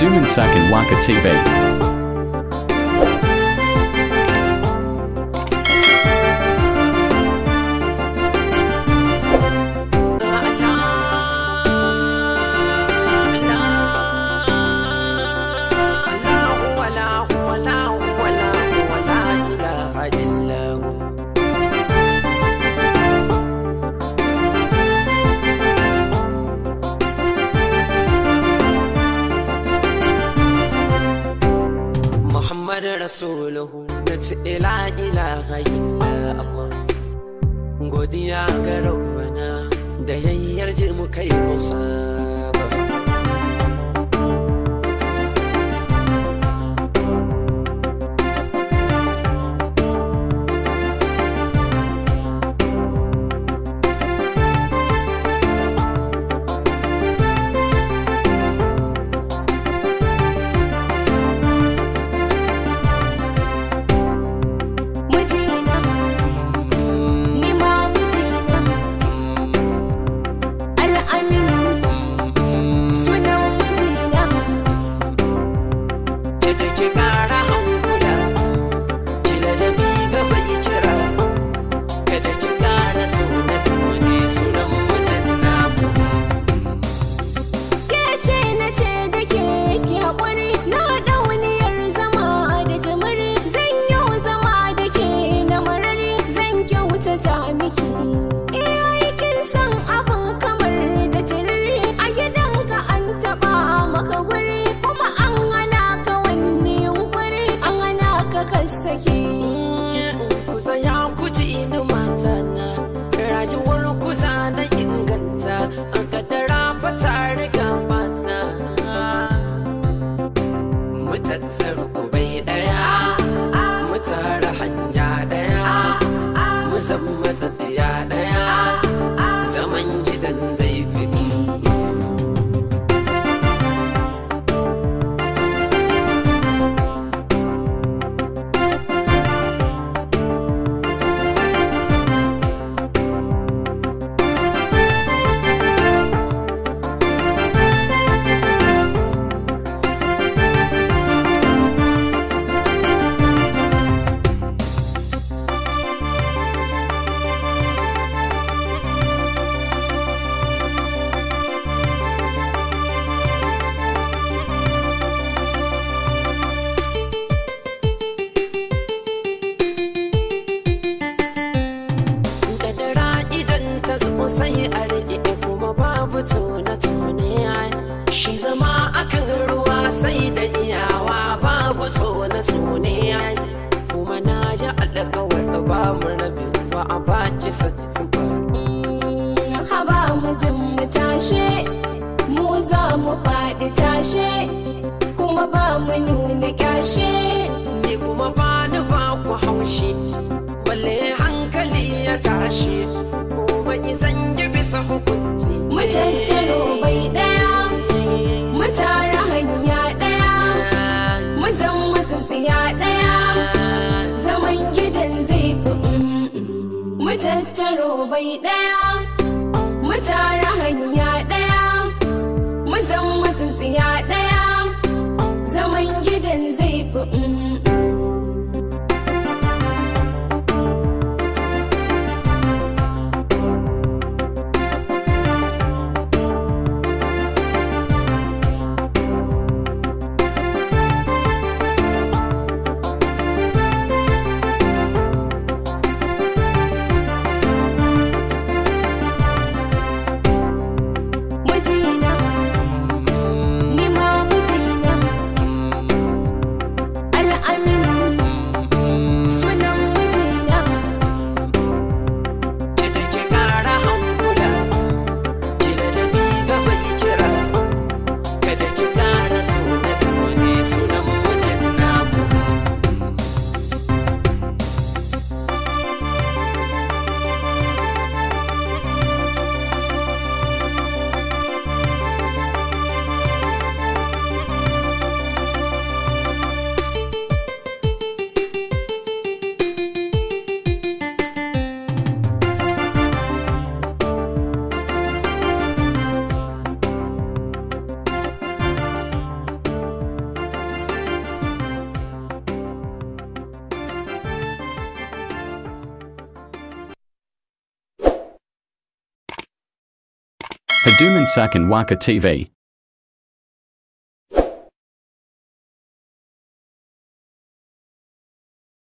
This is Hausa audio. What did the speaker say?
Doom and Sack and Waka TV. rasuluhu na ci ila ilaha Allah. godiya ga rabbana da yayyar ji mu kai musa tausaya ku ji ni mata na rayuwar ku na inganta a kadara fa riga mata mu tattar ku bai daya mu tara hanya daya mu zama tsatsiya daya sai a rike kuma babu tone tone shi zama akan ruwa sai da iyawa babu tone tone kuma na ji alakawar da ba mu rabi ba a baki sattuba haba mu jin mu tashe mu za mu faɗi tashe kuma ba mu nuna ni kuma ba da yaro bai down. Hadoom and Sak and Waka TV.